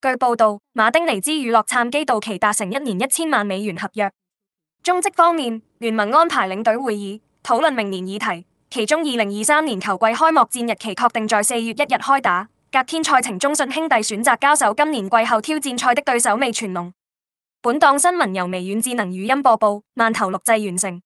據報道，馬丁尼茲與洛杉磯道奇達成一年一千萬美元合約。中職方面，聯盟安排領隊會議討論明年議題，其中二零二三年球季開幕戰日期確定在四月一日開打，隔天賽程，中信兄弟選擇交手今年季後挑戰賽的對手味全龍。本檔新聞由微軟智能語音播報，曼頭錄製完成。